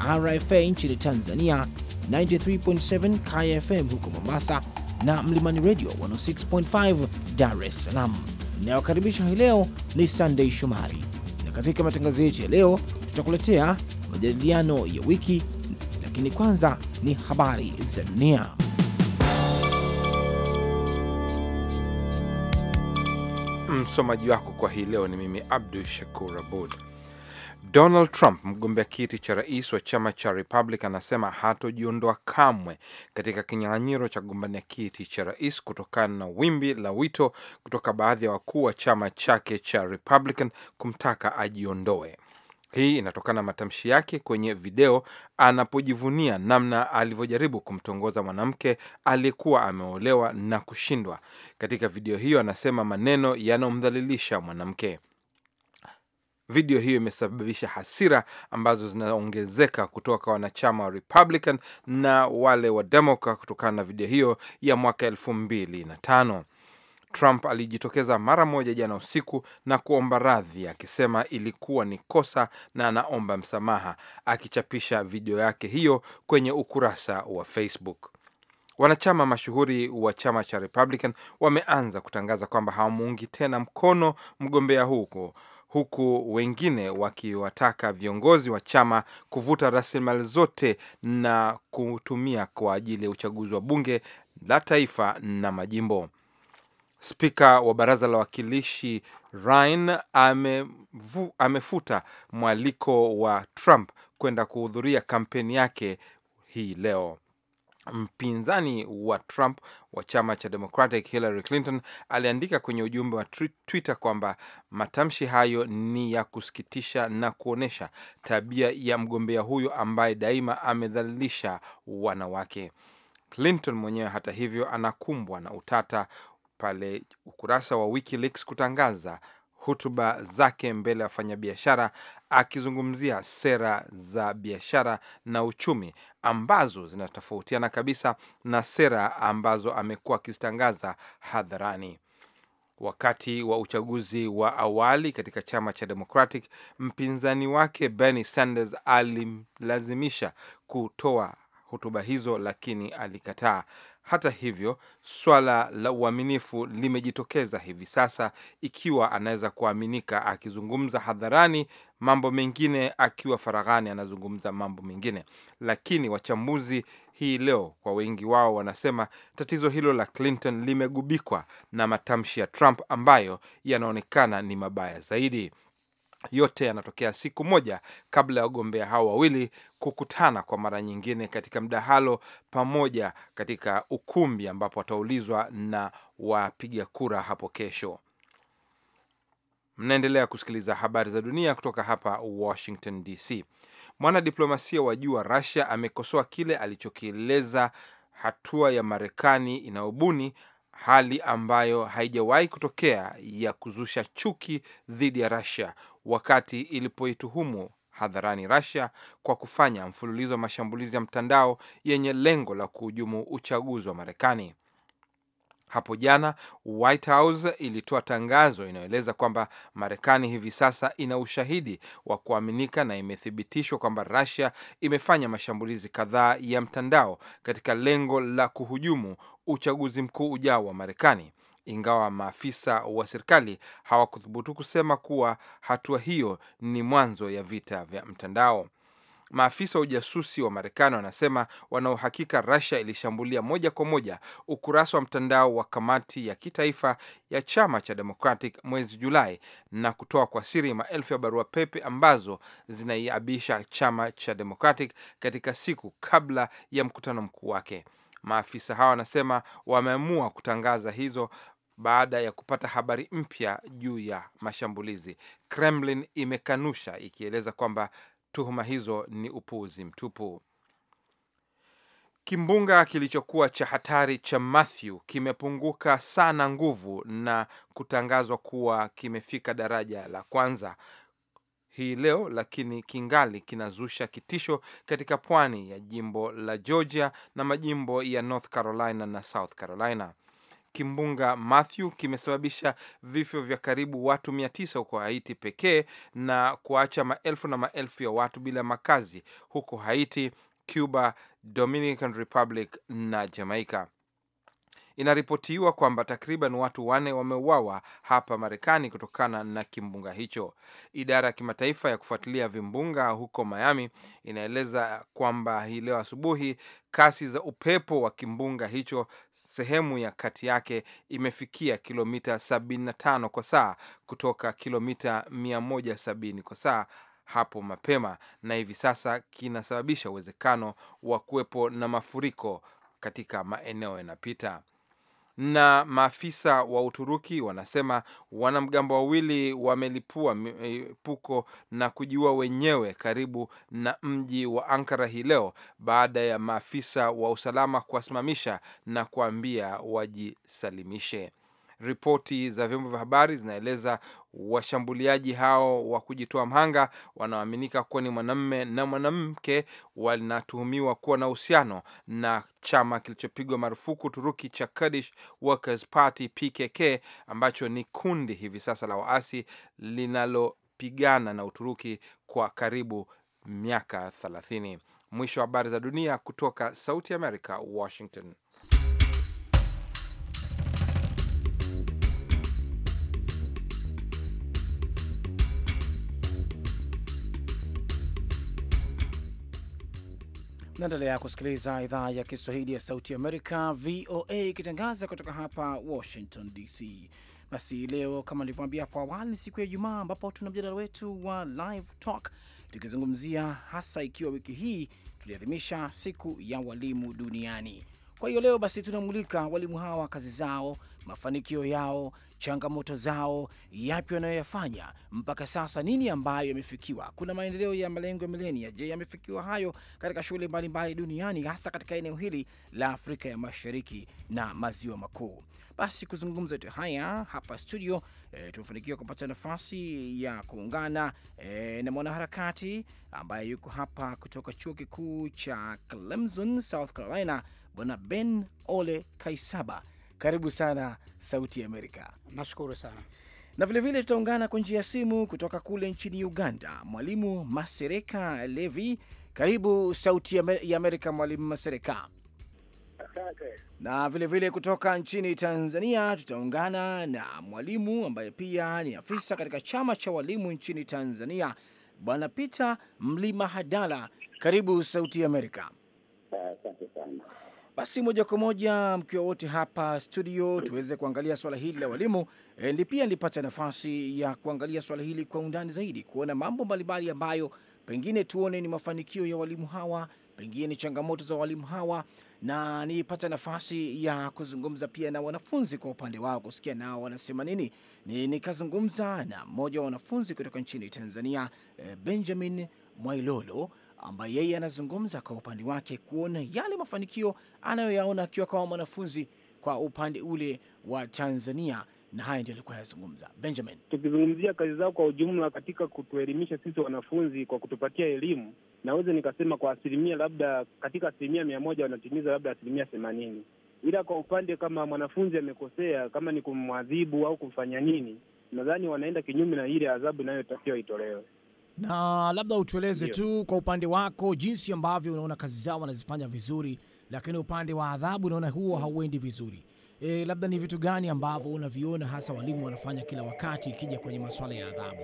RFA nchini Tanzania 93.7 Kaya FM huko Mombasa na Mlimani Radio 106.5 Dar es Salaam. Inayokaribisha hii leo ni Sunday Shomari, na katika matangazo yetu ya leo tutakuletea majadiliano ya wiki, lakini kwanza ni habari za dunia. Msomaji wako kwa hii leo ni mimi Abdu Shakur Abud. Donald Trump, mgombea kiti cha rais wa chama cha Republican, anasema hatojiondoa kamwe katika kinyang'anyiro cha kugombania kiti cha rais kutokana na wimbi la wito kutoka baadhi ya wakuu wa chama chake cha Republican kumtaka ajiondoe. Hii inatokana na matamshi yake kwenye video anapojivunia namna alivyojaribu kumtongoza mwanamke aliyekuwa ameolewa na kushindwa. Katika video hiyo anasema maneno yanayomdhalilisha mwanamke. Video hiyo imesababisha hasira ambazo zinaongezeka kutoka wanachama wa Republican na wale wa Democrat kutokana na video hiyo ya mwaka elfu mbili na tano. Trump alijitokeza mara moja jana usiku na kuomba radhi akisema ilikuwa ni kosa na anaomba msamaha, akichapisha video yake hiyo kwenye ukurasa wa Facebook. Wanachama mashuhuri wa chama cha Republican wameanza kutangaza kwamba hawamuungi tena mkono mgombea huko huku wengine wakiwataka viongozi wa chama kuvuta rasilimali zote na kutumia kwa ajili ya uchaguzi wa bunge la taifa na majimbo. Spika wa baraza la wakilishi Ryan amevu, amefuta mwaliko wa Trump kwenda kuhudhuria kampeni yake hii leo. Mpinzani wa Trump wa chama cha Democratic Hillary Clinton aliandika kwenye ujumbe wa Twitter kwamba matamshi hayo ni ya kusikitisha na kuonyesha tabia ya mgombea huyo ambaye daima amedhalilisha wanawake. Clinton mwenyewe hata hivyo anakumbwa na utata pale ukurasa wa WikiLeaks kutangaza hutuba zake mbele ya wafanyabiashara akizungumzia sera za biashara na uchumi ambazo zinatofautiana kabisa na sera ambazo amekuwa akizitangaza hadharani. Wakati wa uchaguzi wa awali katika chama cha Democratic, mpinzani wake Bernie Sanders alimlazimisha kutoa hotuba hizo, lakini alikataa. Hata hivyo, swala la uaminifu limejitokeza hivi sasa, ikiwa anaweza kuaminika akizungumza hadharani mambo mengine, akiwa faraghani anazungumza mambo mengine. Lakini wachambuzi hii leo kwa wengi wao wanasema tatizo hilo la Clinton limegubikwa na matamshi ya Trump ambayo yanaonekana ni mabaya zaidi. Yote yanatokea siku moja kabla ya wagombea hao wawili kukutana kwa mara nyingine katika mdahalo pamoja katika ukumbi ambapo wataulizwa na wapiga kura hapo kesho. Mnaendelea kusikiliza habari za dunia kutoka hapa Washington DC. Mwanadiplomasia wa juu wa Russia amekosoa kile alichokieleza hatua ya Marekani inayobuni hali ambayo haijawahi kutokea ya kuzusha chuki dhidi ya Russia wakati ilipoituhumu hadharani Russia kwa kufanya mfululizo wa mashambulizi ya mtandao yenye lengo la kuhujumu uchaguzi wa Marekani. Hapo jana White House ilitoa tangazo inayoeleza kwamba Marekani hivi sasa ina ushahidi wa kuaminika na imethibitishwa kwamba Russia imefanya mashambulizi kadhaa ya mtandao katika lengo la kuhujumu uchaguzi mkuu ujao wa Marekani ingawa maafisa wa serikali hawakuthubutu kusema kuwa hatua hiyo ni mwanzo ya vita vya mtandao. Maafisa wa ujasusi wa Marekani wanasema wanaohakika rasia Russia ilishambulia moja kwa moja ukurasa wa mtandao wa kamati ya kitaifa ya chama cha Democratic mwezi Julai na kutoa kwa siri maelfu ya barua pepe ambazo zinaiabisha chama cha Democratic katika siku kabla ya mkutano mkuu wake. Maafisa hawa wanasema wameamua kutangaza hizo baada ya kupata habari mpya juu ya mashambulizi. Kremlin imekanusha ikieleza kwamba tuhuma hizo ni upuuzi mtupu. Kimbunga kilichokuwa cha hatari cha Matthew kimepunguka sana nguvu na kutangazwa kuwa kimefika daraja la kwanza hii leo, lakini kingali kinazusha kitisho katika pwani ya jimbo la Georgia na majimbo ya North Carolina na South Carolina kimbunga Matthew kimesababisha vifo vya karibu watu 900 huko Haiti pekee na kuacha maelfu na maelfu ya watu bila makazi huko Haiti, Cuba, Dominican Republic na Jamaica. Inaripotiwa kwamba takriban watu wane wameuawa hapa Marekani kutokana na kimbunga hicho. Idara ya kimataifa ya kufuatilia vimbunga huko Miami inaeleza kwamba hii leo asubuhi kasi za upepo wa kimbunga hicho sehemu ya kati yake imefikia kilomita 75 kwa saa kutoka kilomita 170 kwa saa hapo mapema, na hivi sasa kinasababisha uwezekano wa kuwepo na mafuriko katika maeneo yanapita na maafisa wa Uturuki wanasema wanamgambo wawili wamelipua mipuko e, na kujiua wenyewe karibu na mji wa Ankara hii leo baada ya maafisa wa usalama kuwasimamisha na kuambia wajisalimishe. Ripoti za vyombo vya habari zinaeleza washambuliaji hao wa kujitoa mhanga wanaoaminika kuwa ni mwanamme na mwanamke wanatuhumiwa kuwa na uhusiano na chama kilichopigwa marufuku Turuki cha Kurdish Workers Party PKK, ambacho ni kundi hivi sasa la waasi linalopigana na Uturuki kwa karibu miaka 30. Mwisho wa habari za dunia kutoka Sauti ya Washington. Naendelea kusikiliza idhaa ya Kiswahili ya Sauti Amerika, VOA, ikitangaza kutoka hapa Washington DC. Basi leo kama nilivyoambia hapo awali, ni siku ya Ijumaa ambapo tuna mjadala wetu wa Live Talk tukizungumzia hasa ikiwa wiki hii tuliadhimisha siku ya walimu duniani. Kwa hiyo leo basi tunamulika walimu hawa, kazi zao mafanikio yao, changamoto zao, yapi wanayoyafanya mpaka sasa, nini ambayo yamefikiwa. Kuna maendeleo ya malengo ya milenia. Je, yamefikiwa hayo katika shughuli mbalimbali duniani, hasa katika eneo hili la Afrika ya Mashariki na Maziwa Makuu? Basi kuzungumza yote haya hapa studio e, tumefanikiwa kupata nafasi ya kuungana e, na mwanaharakati ambaye yuko hapa kutoka chuo kikuu cha Clemson, South Carolina, Bwana Ben Ole Kaisaba karibu sana Sauti ya Amerika. Nashukuru sana na vilevile tutaungana kwa njia ya simu kutoka kule nchini Uganda, Mwalimu Masereka Levi. Karibu Sauti ya Amerika, Mwalimu Masereka. Asante. Na vilevile vile kutoka nchini Tanzania tutaungana na mwalimu ambaye pia ni afisa katika chama cha walimu nchini Tanzania, Bwana Peter Mlima Hadala. Karibu Sauti ya Amerika. Asante. Basi moja kwa moja mkiwa wote hapa studio, tuweze kuangalia swala hili la walimu. E, pia nilipata nafasi ya kuangalia swala hili kwa undani zaidi, kuona mambo mbalimbali ambayo pengine tuone ni mafanikio ya walimu hawa, pengine ni changamoto za walimu hawa, na nilipata nafasi ya kuzungumza pia na wanafunzi kwa upande wao, kusikia nao wanasema nini. Nikazungumza na mmoja wa wanafunzi kutoka nchini Tanzania, eh, Benjamin Mwailolo ambaye yeye anazungumza kwa upande wake kuona yale mafanikio anayoyaona akiwa kama mwanafunzi kwa upande ule wa Tanzania na haya ndio alikuwa anazungumza Benjamin. Tukizungumzia kazi zao kwa ujumla katika kutuelimisha sisi wanafunzi kwa kutupatia elimu, naweza nikasema kwa asilimia labda katika asilimia mia moja wanatimiza labda asilimia themanini, ila kwa upande kama mwanafunzi amekosea, kama ni kumwadhibu au kumfanya nini, nadhani wanaenda kinyume na ile adhabu inayotakiwa itolewe. Na labda utueleze tu kwa upande wako jinsi ambavyo unaona kazi zao wanazifanya vizuri, lakini upande wa adhabu unaona huo mm-hmm. hauendi vizuri. E, labda ni vitu gani ambavyo unaviona hasa walimu wanafanya kila wakati ikija kwenye masuala ya adhabu?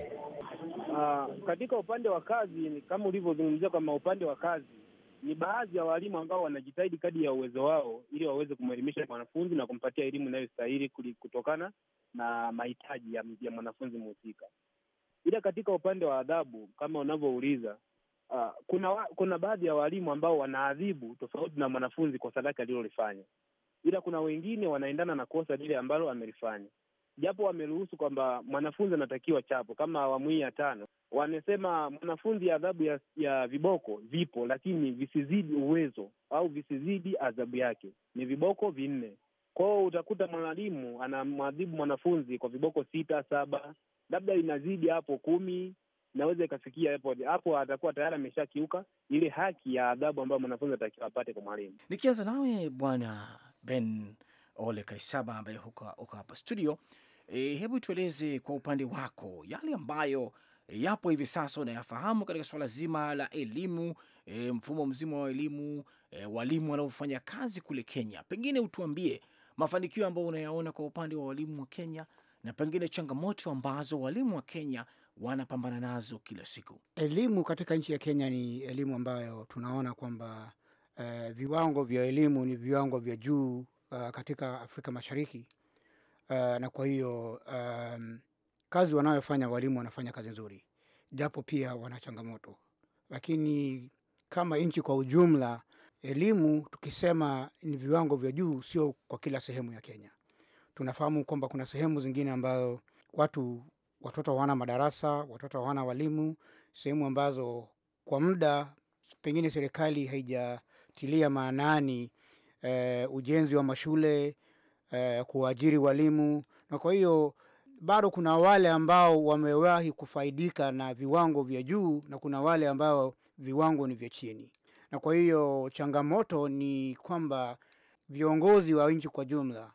Uh, katika upande wa kazi kama ulivyozungumzia, kama upande wa kazi ni baadhi ya walimu ambao wanajitahidi kadi ya uwezo wao ili waweze kumwelimisha mwanafunzi na kumpatia elimu inayostahili kutokana na mahitaji ya, ya mwanafunzi mhusika. Ila katika upande wa adhabu kama unavyouliza, uh, kuna wa, kuna baadhi ya walimu ambao wanaadhibu tofauti na mwanafunzi kwa sadaka alilolifanya, ila kuna wengine wanaendana na kosa lile ambalo amelifanya, japo wameruhusu kwamba mwanafunzi anatakiwa chapo kama awamu ya tano. Wamesema mwanafunzi adhabu ya, ya viboko vipo, lakini visizidi uwezo au visizidi adhabu yake, ni viboko vinne. Kwao utakuta mwalimu anamwadhibu mwanafunzi kwa viboko sita saba labda inazidi hapo kumi, naweza ikafikia hapo hapo, atakuwa tayari ameshakiuka ile haki ya adhabu ambayo mwanafunzi atakiwa apate kwa mwalimu. Nikianza nawe Bwana Ben Ole Kaisaba ambaye uko hapa studio, e, hebu tueleze kwa upande wako yale ambayo yapo hivi sasa unayafahamu katika suala zima la elimu, e, mfumo mzima wa elimu, e, walimu wanaofanya kazi kule Kenya. Pengine utuambie mafanikio ambayo unayaona kwa upande wa walimu wa Kenya na pengine changamoto ambazo walimu wa Kenya wanapambana nazo kila siku. Elimu katika nchi ya Kenya ni elimu ambayo tunaona kwamba uh, viwango vya elimu ni viwango vya juu uh, katika Afrika Mashariki uh, na kwa hiyo um, kazi wanayofanya walimu wanafanya kazi nzuri, japo pia wana changamoto, lakini kama nchi kwa ujumla elimu tukisema ni viwango vya juu, sio kwa kila sehemu ya Kenya tunafahamu kwamba kuna sehemu zingine ambazo watu watoto hawana madarasa, watoto hawana walimu, sehemu ambazo kwa muda pengine serikali haijatilia maanani e, ujenzi wa mashule e, kuajiri walimu, na kwa hiyo bado kuna wale ambao wamewahi kufaidika na viwango vya juu na kuna wale ambao viwango ni vya chini, na kwa hiyo changamoto ni kwamba viongozi wa nchi kwa jumla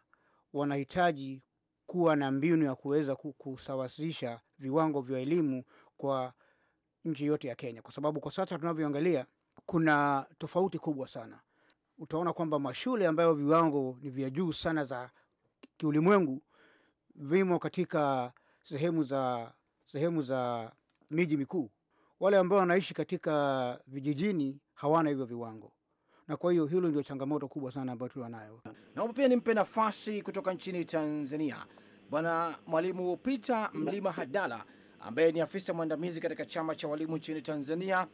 wanahitaji kuwa na mbinu ya kuweza kusawazisha viwango vya elimu kwa nchi yote ya Kenya, kwa sababu kwa sasa tunavyoangalia kuna tofauti kubwa sana. Utaona kwamba mashule ambayo viwango ni vya juu sana za kiulimwengu vimo katika sehemu za sehemu za miji mikuu. Wale ambao wanaishi katika vijijini hawana hivyo viwango na kwa hiyo hilo ndio changamoto kubwa sana ambayo tulionayo. Naomba pia nimpe nafasi kutoka nchini Tanzania Bwana Mwalimu Peter Mlima Hadala ambaye ni afisa mwandamizi katika chama cha walimu nchini Tanzania.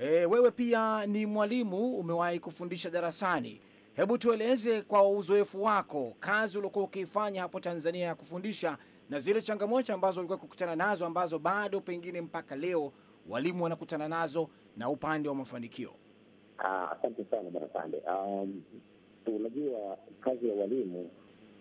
E, wewe pia ni mwalimu, umewahi kufundisha darasani. Hebu tueleze kwa uzoefu wako kazi uliokuwa ukiifanya hapo Tanzania ya kufundisha na zile changamoto ambazo ulikuwa kukutana nazo ambazo bado pengine mpaka leo walimu wanakutana nazo na upande wa mafanikio. Ah, asante sana bwana Pande. Um, unajua kazi ya walimu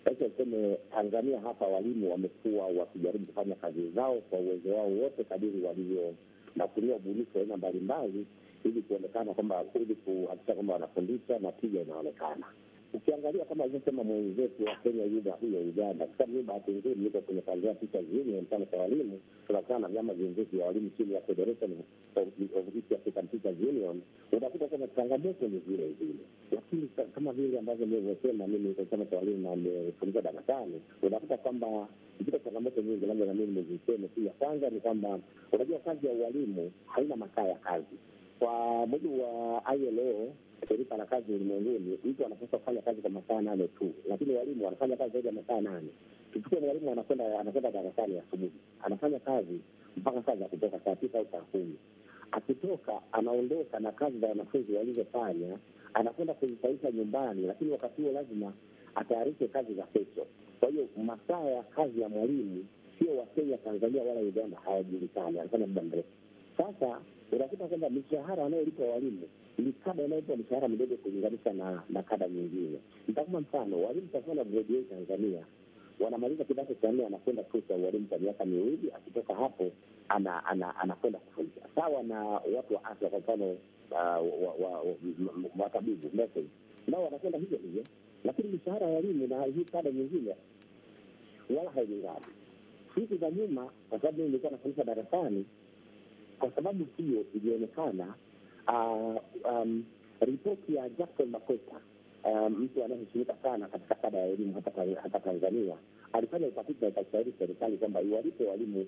sasa, useme Tanzania hapa walimu wamekuwa wakijaribu kufanya kazi zao kwa uwezo wao wote kadiri walivyo na kulia ubunifu wa aina mbalimbali, ili kuonekana kwamba, ili kuhakikisha kwamba wanafundisha na tija inaonekana ukiangalia kama alivyosema mwenzetu wa Kenya Yuda huyo Uganda, kwa sababu bahati nzuri yuko kwenye tanzia picha zingine mfano kwa walimu, tunakutana na vyama vingi vya walimu chini ya Federation of East African Teachers Union, unakuta kwamba changamoto ni zile zile, lakini kama vile ambavyo nilivyosema, mimi niko chama cha walimu na nimefundisha darasani, unakuta kwamba ziko changamoto nyingi, labda na mimi niziseme tu. Ya kwanza ni kwamba unajua kazi ya ualimu haina makaa ya kazi kwa mujibu wa ILO, shirika la kazi ulimwenguni, mtu anapaswa kufanya kazi kwa masaa nane tu, lakini walimu wanafanya kazi zaidi ya masaa nane. Tuchukue mwalimu anakwenda anakwenda darasani asubuhi, anafanya kazi mpaka saa za kutoka saa tisa au saa kumi. Akitoka anaondoka na kazi za wanafunzi walizofanya, anakwenda kuzisaisha nyumbani, lakini wakati huo lazima atayarishe kazi za kesho. Kwa hiyo masaa ya kazi ya mwalimu sio Wakenya, Tanzania wala Uganda hayajulikani, anafanya muda mrefu sasa unakuta kwamba mishahara anayolipa walimu ni kada wanaopa mishahara midogo kulinganisha na na kada nyingine. Nitakupa mfano, walimu takuwa na graduate Tanzania wanamaliza kidato cha nne, anakwenda chuo ya ualimu kwa miaka miwili. Akitoka hapo ana, ana, anakwenda kufundisha sawa na watu wa afya, kwa mfano uh, watabibu nao wanakwenda hivyo hivyo, lakini mishahara ya walimu na hii kada nyingine wala hailingani. Siku za nyuma, kwa sababu nilikuwa nafundisha darasani kwa sababu hiyo ilionekana uh, um, ripoti ya Jackson Makweta uh, mtu anayeheshimika sana katika kada ya elimu hapa Tanzania alifanya utafiti na ikastahili serikali kwamba iwalipe walimu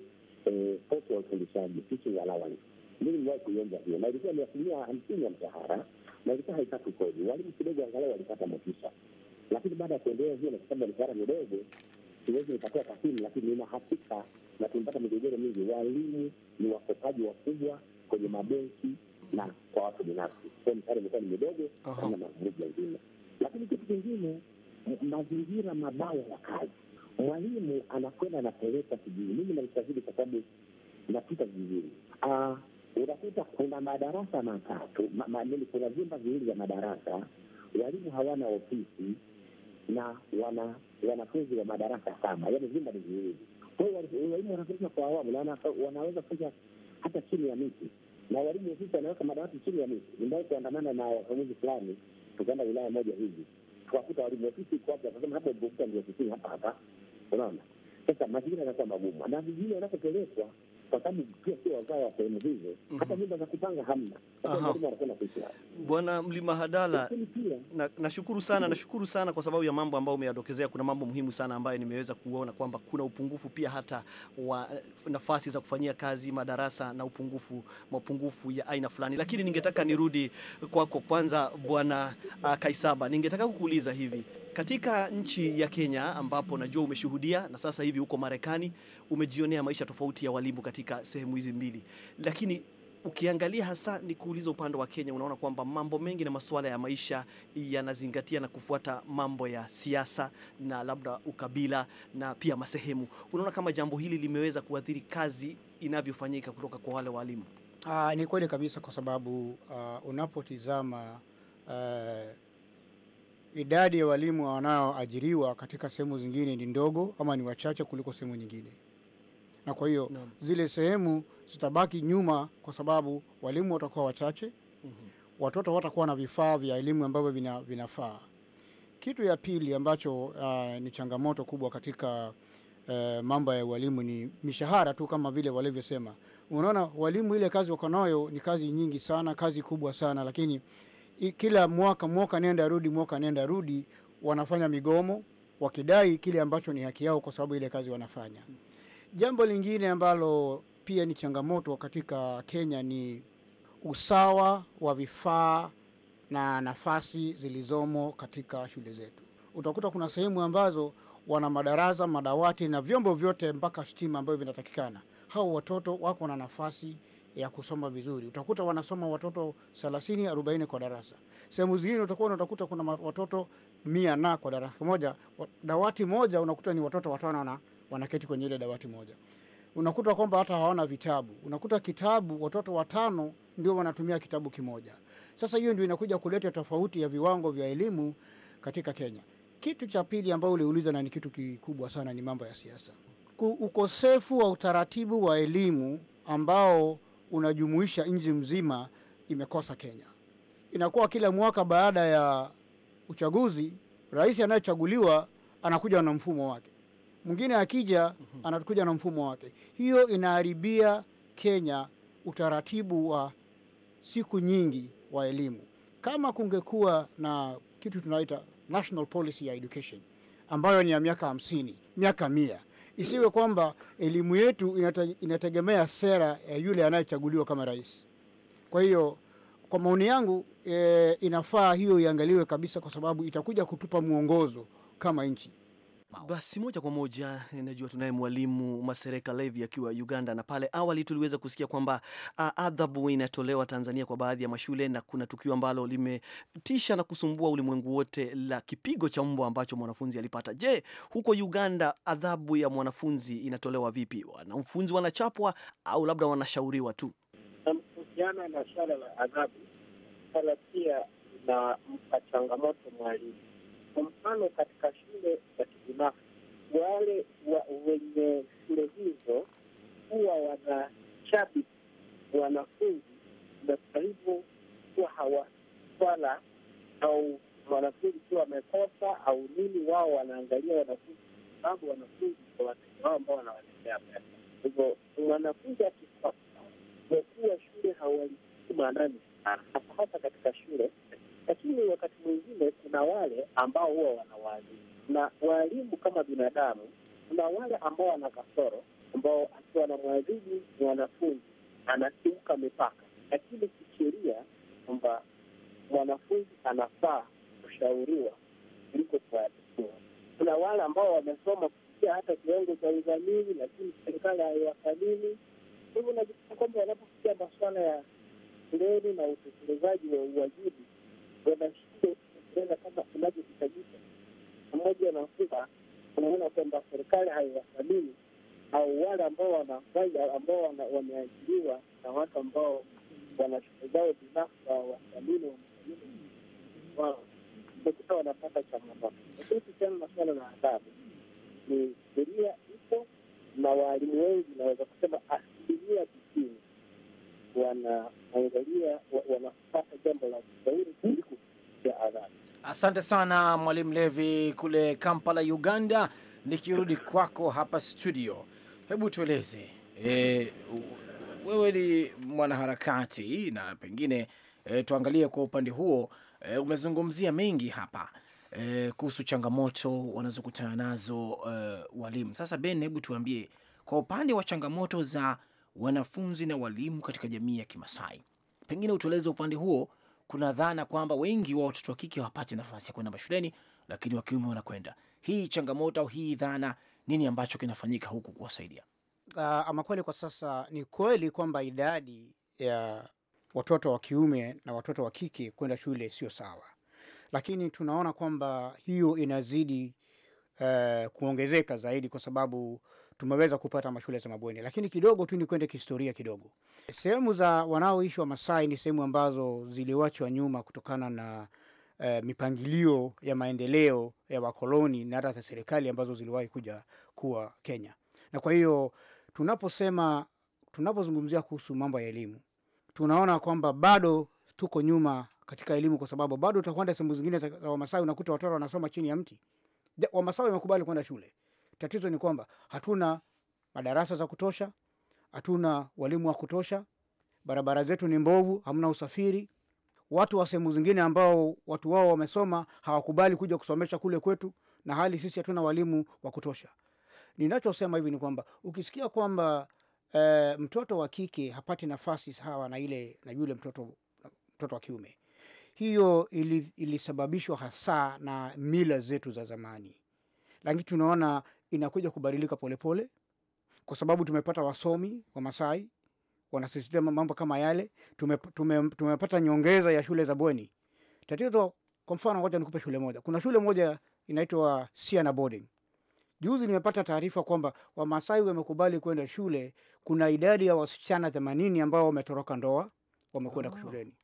posho eh, ya ufundishaji teaching allowance. Mimi niwai kuionja hiyo, na ilikuwa ni asilimia hamsini ya mshahara na ilikuwa haikatu kodi. Walimu kidogo angalau walipata motisha, lakini baada ya kuendelea hiyo na kusaga mishahara midogo siwezi nikatoa takwimu, lakini nina hakika na tumepata migogoro mingi. Walimu ni wakopaji wakubwa kwenye mabenki na kwa watu binafsi, kwa mishahara imekuwa ni midogo kama mavurugu mengine. Lakini kitu kingine, mazingira mabaya ya kazi. Mwalimu anakwenda anapeleka kijijini, mimi nalistahili kwa sababu napita vijijini ah, unakuta kuna madarasa matatu, kuna vyumba viwili vya madarasa, walimu hawana ofisi na wana wanafunzi wa madarasa saba, yani vyumba ni viwili. Kwa hiyo walimu wanafundisha kwa awamu na wanaweza kufundisha hata chini ya miti, na walimu ofisi wanaweka madawati chini ya miti. Nimewahi kuandamana na wafamuzi fulani, tukaenda wilaya moja hivi, tukakuta walimu ofisi kwake, akasema hapo ndio ofisini hapa hapa. Unaona, sasa mazingira yanakuwa magumu, na vijini wanapopelekwa Mhm. Bwana Mlima Hadala, nashukuru na sana, nashukuru sana kwa sababu ya mambo ambayo umeyadokezea. Kuna mambo muhimu sana ambayo nimeweza kuona kwamba kuna upungufu pia hata wa eh, nafasi za kufanyia kazi madarasa na upungufu mapungufu ya aina fulani, lakini ningetaka nirudi kwako kwanza, Bwana ah, Kaisaba, ningetaka kukuuliza hivi katika nchi ya Kenya ambapo najua umeshuhudia na sasa hivi huko Marekani umejionea maisha tofauti ya walimu katika sehemu hizi mbili, lakini ukiangalia hasa ni kuuliza upande wa Kenya, unaona kwamba mambo mengi na masuala ya maisha yanazingatia na kufuata mambo ya siasa na labda ukabila na pia masehemu. Unaona kama jambo hili limeweza kuathiri kazi inavyofanyika kutoka kwa wale walimu? Aa, ah, ni kweli kabisa kwa sababu uh, unapotizama uh, idadi ya walimu wanaoajiriwa katika sehemu zingine ni ndogo ama ni wachache kuliko sehemu nyingine, na kwa hiyo no. zile sehemu zitabaki nyuma kwa sababu walimu watakuwa wachache mm -hmm. watoto watakuwa na vifaa vya elimu ambavyo vina, vinafaa. Kitu ya pili ambacho uh, ni changamoto kubwa katika uh, mambo ya walimu ni mishahara tu, kama vile walivyosema. Unaona, walimu ile kazi wakonayo ni kazi nyingi sana, kazi kubwa sana, lakini kila mwaka mwaka nenda rudi, mwaka nenda rudi, wanafanya migomo wakidai kile ambacho ni haki yao kwa sababu ile kazi wanafanya. Jambo lingine ambalo pia ni changamoto katika Kenya ni usawa wa vifaa na nafasi zilizomo katika shule zetu. Utakuta kuna sehemu ambazo wana madarasa, madawati na vyombo vyote mpaka stima ambavyo vinatakikana. Hao watoto wako na nafasi ya kusoma vizuri. Utakuta wanasoma watoto 30 40 kwa darasa. Sehemu zingine utakuwa unatakuta kuna watoto mia na kwa darasa moja, dawati moja unakuta ni watoto watano na wanaketi kwenye ile dawati moja. Unakuta kwamba hata hawana vitabu. Unakuta kitabu watoto watano ndio wanatumia kitabu kimoja. Sasa hiyo ndio inakuja kuleta tofauti ya viwango vya elimu katika Kenya. Kitu cha pili ambao uliuliza na ni kitu kikubwa sana ni mambo ya siasa. Ukosefu wa utaratibu wa elimu ambao unajumuisha nchi mzima imekosa Kenya. Inakuwa kila mwaka baada ya uchaguzi, rais anayechaguliwa anakuja na mfumo wake, mwingine akija mhm. anakuja na mfumo wake. Hiyo inaharibia Kenya utaratibu wa siku nyingi wa elimu. Kama kungekuwa na kitu tunaita national policy ya education ambayo ni ya miaka hamsini, miaka mia isiwe kwamba elimu yetu inategemea sera ya yule anayechaguliwa kama rais. Kwa hiyo kwa maoni yangu e, inafaa hiyo iangaliwe kabisa, kwa sababu itakuja kutupa mwongozo kama nchi. Basi moja kwa moja najua tunaye mwalimu Masereka Levi akiwa Uganda, na pale awali tuliweza kusikia kwamba adhabu inatolewa Tanzania kwa baadhi ya mashule, na kuna tukio ambalo limetisha na kusumbua ulimwengu wote la kipigo cha mbwa ambacho mwanafunzi alipata. Je, huko Uganda adhabu ya mwanafunzi inatolewa vipi? Wanafunzi wanachapwa au labda wanashauriwa tu? Kuhusiana na sala la adhabu, suala pia linampa changamoto mwalimu. Kwa mfano katika shule masuala ya pleni na utekelezaji wa uwajibu wanashindwa kutekeleza kama inavyohitajika, pamoja na kuwa unaona kwamba serikali haiwathamini au wale ambao wanafanya ambao wameajiriwa na watu ambao wana shughuli zao binafsi wa wao, umekuta wanapata changamoto. Lakini kuhusiana na suala la adhabu, ni sheria ipo na waalimu wengi naweza kusema asilimia tisini wanaangalia wanapata jambo la kushauri kuliko ya adhabu. Asante sana Mwalimu Levi kule Kampala, Uganda. Nikirudi kwako hapa studio, hebu tueleze e, wewe ni mwanaharakati na pengine e, tuangalie kwa upande huo e, umezungumzia mengi hapa e, kuhusu changamoto wanazokutana nazo e, walimu. Sasa Ben, hebu tuambie kwa upande wa changamoto za wanafunzi na walimu katika jamii ya Kimasai. Pengine utueleze upande huo. Kuna dhana kwamba wengi wa watoto wa kike hawapati nafasi ya kwenda mashuleni, lakini wa kiume wanakwenda. Hii changamoto au hii dhana, nini ambacho kinafanyika huku kuwasaidia? Uh, ama kweli kwa sasa ni kweli kwamba idadi ya watoto wa kiume na watoto wa kike kwenda shule sio sawa, lakini tunaona kwamba hiyo inazidi uh, kuongezeka zaidi kwa sababu tumeweza kupata mashule za mabweni. Lakini kidogo tu kwende kihistoria kidogo, sehemu za wanaoishi wa Masai ni sehemu ambazo ziliwachwa nyuma kutokana na Uh, mipangilio ya maendeleo ya wakoloni na hata za serikali ambazo ziliwahi kuja kuwa Kenya. Na kwa hiyo tunaposema, tunapozungumzia kuhusu mambo ya elimu, tunaona kwamba bado tuko nyuma katika elimu, kwa sababu bado utakwenda sehemu zingine za Wamasai unakuta watoto wanasoma chini ya mti. Wamasai wamekubali kwenda shule, Tatizo ni kwamba hatuna madarasa za kutosha, hatuna walimu wa kutosha, barabara zetu ni mbovu, hamna usafiri. Watu wa sehemu zingine ambao watu wao wamesoma hawakubali kuja kusomesha kule kwetu, na hali sisi hatuna walimu wa kutosha. Ninachosema hivi ni kwamba ukisikia kwamba e, mtoto wa kike hapati nafasi sawa na ile na yule mtoto, mtoto wa kiume, hiyo ilisababishwa hasa na mila zetu za zamani, lakini tunaona inakuja kubadilika polepole kwa sababu tumepata wasomi wa Masai wanasisitiza mambo kama yale. Tume, tume, tumepata nyongeza ya shule za bweni. Tatizo kwa mfano, ngoja nikupe shule moja. Kuna shule moja inaitwa Siana Boarding. Juzi nimepata taarifa kwamba Wamasai wamekubali kwenda shule. Kuna idadi ya wasichana themanini ambao wametoroka ndoa wamekwenda oh, shuleni.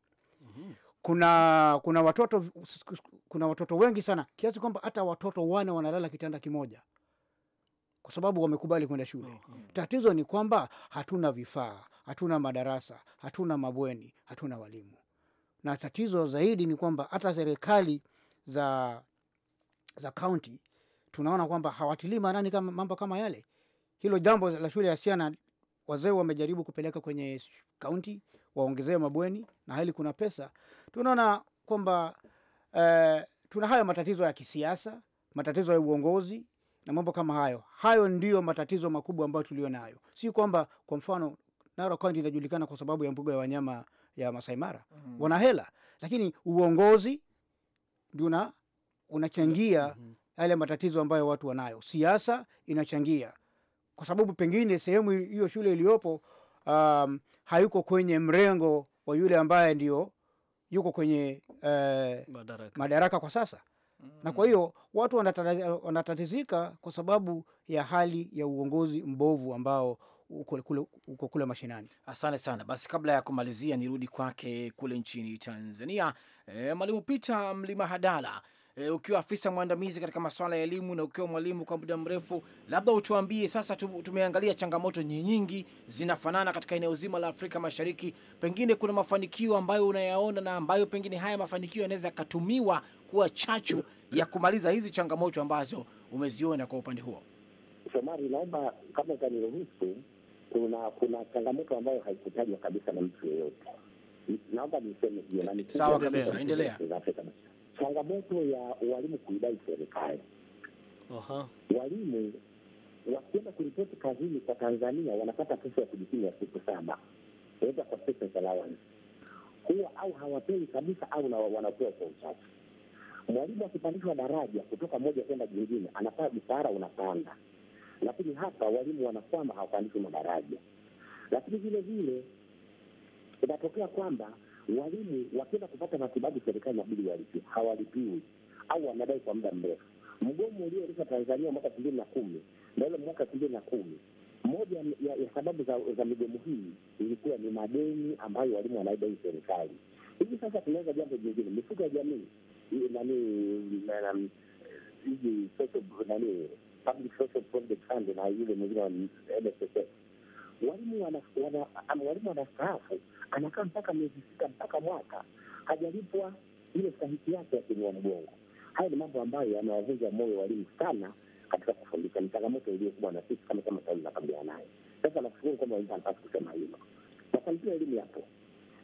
Mm-hmm. Kuna kuna watoto kuna watoto wengi sana kiasi kwamba hata watoto wane wanalala kitanda kimoja kwa sababu wamekubali kwenda shule mm. Tatizo ni kwamba hatuna vifaa, hatuna madarasa, hatuna mabweni, hatuna walimu, na tatizo zaidi ni kwamba hata serikali za za kaunti tunaona kwamba hawatilii maanani kama mambo kama yale. Hilo jambo la shule ya Siana, wazee wamejaribu kupeleka kwenye kaunti waongezee mabweni na hali kuna pesa. Tunaona kwamba eh, tuna hayo matatizo ya kisiasa, matatizo ya uongozi na mambo kama hayo. Hayo ndiyo matatizo makubwa ambayo tulio nayo, si kwamba kwa mfano Narok inajulikana kwa sababu ya mbuga ya wanyama ya Masai Mara mm -hmm. wana hela, lakini uongozi ndio unachangia mm -hmm yale matatizo ambayo watu wanayo. Siasa inachangia kwa sababu pengine sehemu hiyo shule iliyopo, um, hayuko kwenye mrengo wa yule ambaye ndio yuko kwenye uh, madaraka. madaraka kwa sasa na kwa hiyo watu wanatatizika kwa sababu ya hali ya uongozi mbovu ambao uko kule, uko kule mashinani. Asante sana. Basi kabla ya kumalizia, nirudi kwake kule nchini Tanzania. E, Mwalimu Peter Mlima Hadala eh, ukiwa afisa mwandamizi katika masuala ya elimu na ukiwa mwalimu kwa muda mrefu, labda utuambie sasa, tumeangalia changamoto nyingi zinafanana katika eneo zima la Afrika Mashariki, pengine kuna mafanikio ambayo unayaona na ambayo pengine haya mafanikio yanaweza yakatumiwa kuwa chachu ya kumaliza hizi changamoto ambazo umeziona kwa upande huo. Shomari, naomba kama utaniruhusu, kuna kuna changamoto ambayo haikutajwa kabisa na mtu yeyote. Naomba niseme hiyo. Sawa kabisa, endelea changamoto ya walimu kuidai serikali. Walimu wakienda kuripoti kazini kwa Tanzania wanapata pesa ya kujikimu ya siku saba weza kwa huwa au hawapewi kabisa au na wanapewa kwa uchache. Mwalimu akipandishwa daraja kutoka moja kwenda jingine, anapaa mshahara unapanda, lakini hapa walimu wanakwama, hawapandishwi madaraja. Lakini vile vile inatokea kwamba Walimu wakienda kupata matibabu serikali inabidi walipi hawalipiwi au wanadai kwa muda mrefu. Mgomo ulioendeshwa Tanzania mwaka elfu mbili na kumi na mwaka elfu mbili na kumi moja ya, ya sababu za, za migomo hii ilikuwa ni madeni ambayo walimu wanaidai serikali. Hivi sasa tunaweza jambo jingine, mifuko ya jamii nani hizi nani public social project fund na yule mwingine wa NSSF walimu wana, mwalimu anastaafu ah, anakaa mpaka miezi sita mpaka mwaka hajalipwa ile stahiki yake ya kuinua mgongo. Haya ni mambo ambayo yanawavunja moyo walimu sana katika kufundisha. Ni changamoto kubwa na sisi kama chama tawala tunakabiliana nayo. Sasa nakushukuru kwamba wenzangu wanapaswa kusema hilo. Mafanikio ya elimu yapo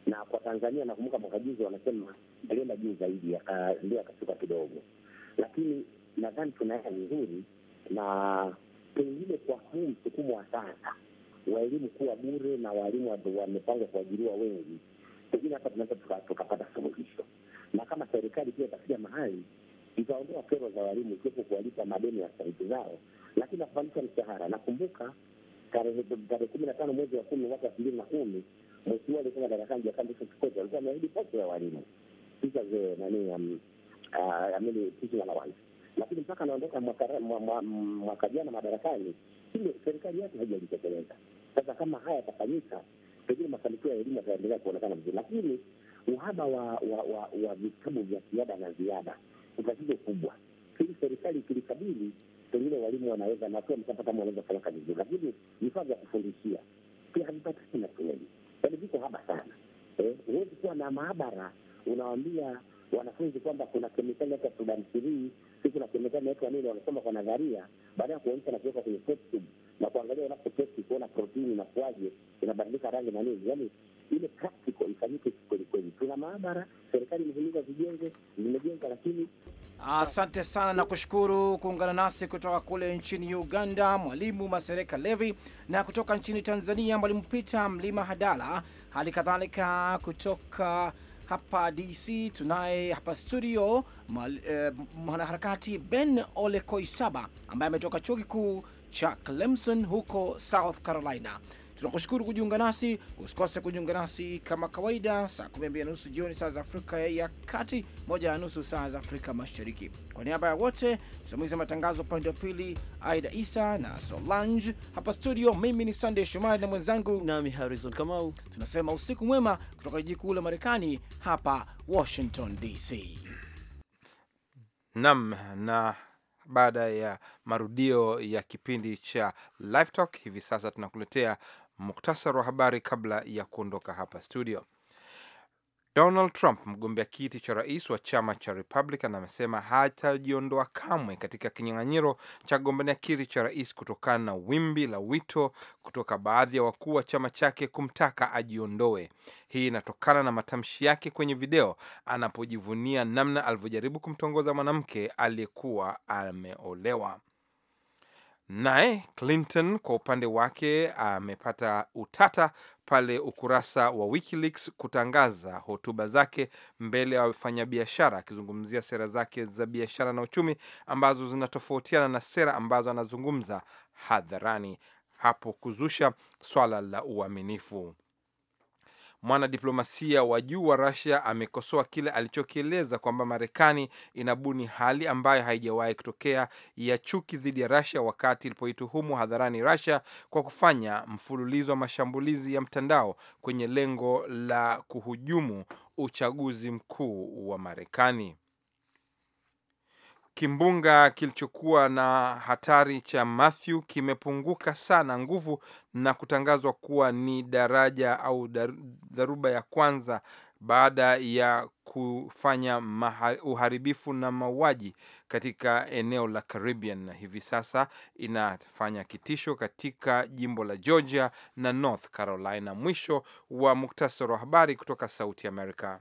na kwa Tanzania nakumbuka mwaka juzi wanasema alienda juu zaidi ah, ndio akashuka kidogo, lakini nadhani tunaenda vizuri na pengine kwa huu msukumo wa sasa wa elimu kuwa bure na waalimu wamepangwa kuajiriwa wengi, pengine hapa tunaweza tukapata suluhisho, na kama serikali pia itafikia mahali itaondoa kero za walimu, ikiwepo kuwalipa madeni ya saidi zao, lakini nakupandisha mshahara. Nakumbuka tarehe kumi na tano mwezi wa kumi mwaka elfu mbili na kumi mwesiwa alikuwa madarakani Jakaya Mrisho Kikwete alikuwa ameahidi posho ya walimu tisa ze nani amini um, uh, na allowance, lakini mpaka anaondoka mwaka jana madarakani, ile serikali yake haijalitekeleza. Sasa kama haya yatafanyika, pengine mafanikio ya elimu yataendelea kuonekana mzuri, lakini uhaba wa wa, wa, wa vitabu vya kiada na ziada ni tatizo kubwa. ili serikali ikilikabili, pengine walimu wanaweza pia mchakato kama wanaweza kufanya kazi vizuri, lakini vifaa vya kufundishia pia havipatikani na shuleni, yaani viko haba sana. Eh, huwezi eh, kuwa na maabara unawambia wanafunzi kwamba kuna kemikali naitwa sudan sirii si kuna kemikali naitwa nini, wanasoma kwa nadharia, baada ya kuonyesha na kuweka kwenye tube na kuangalia unapotesti kuona protini inakuwaje, inabadilika rangi na nini. Yani ile practical ifanyike kweli kweli. Tuna maabara, serikali imehimiza vijenge, zimejenga lakini Asante sana na kushukuru kuungana nasi kutoka kule nchini Uganda, Mwalimu Masereka Levi, na kutoka nchini Tanzania, Mwalimu Pita Mlima Hadala, hali kadhalika kutoka hapa DC tunaye hapa studio eh, mwanaharakati eh, Ben olekoisaba ambaye ametoka chuo kikuu cha Clemson huko South Carolina. Tunakushukuru kujiunga nasi, usikose kujiunga nasi kama kawaida saa 12:30 jioni saa za Afrika ya Kati, nusu saa za Afrika Mashariki. Kwa niaba ya wote msimamizi matangazo upande wa pili Aida Isa na Solange hapa studio, mimi ni Sunday Shomari na mwenzangu nami Harrison Kamau, tunasema usiku mwema kutoka jiji kuu la Marekani hapa Washington DC. Nam na baada ya marudio ya kipindi cha Live Talk. Hivi sasa tunakuletea muktasari wa habari kabla ya kuondoka hapa studio. Donald Trump, mgombea kiti cha rais wa chama cha Republican, amesema hatajiondoa kamwe katika kinyang'anyiro cha kugombania kiti cha rais kutokana na wimbi la wito kutoka baadhi ya wakuu wa chama chake kumtaka ajiondoe. Hii inatokana na matamshi yake kwenye video anapojivunia namna alivyojaribu kumtongoza mwanamke aliyekuwa ameolewa. Naye Clinton kwa upande wake amepata utata pale ukurasa wa WikiLeaks kutangaza hotuba zake mbele ya wafanyabiashara akizungumzia sera zake za biashara na uchumi ambazo zinatofautiana na sera ambazo anazungumza hadharani, hapo kuzusha swala la uaminifu. Mwanadiplomasia wa juu wa Rusia amekosoa kile alichokieleza kwamba Marekani inabuni hali ambayo haijawahi kutokea ya chuki dhidi ya Rusia wakati ilipoituhumu hadharani Rusia kwa kufanya mfululizo wa mashambulizi ya mtandao kwenye lengo la kuhujumu uchaguzi mkuu wa Marekani. Kimbunga kilichokuwa na hatari cha Matthew kimepunguka sana nguvu na kutangazwa kuwa ni daraja au dharuba ya kwanza baada ya kufanya uharibifu na mauaji katika eneo la Caribbean, na hivi sasa inafanya kitisho katika jimbo la Georgia na North Carolina. Mwisho wa muktasari wa habari kutoka Sauti america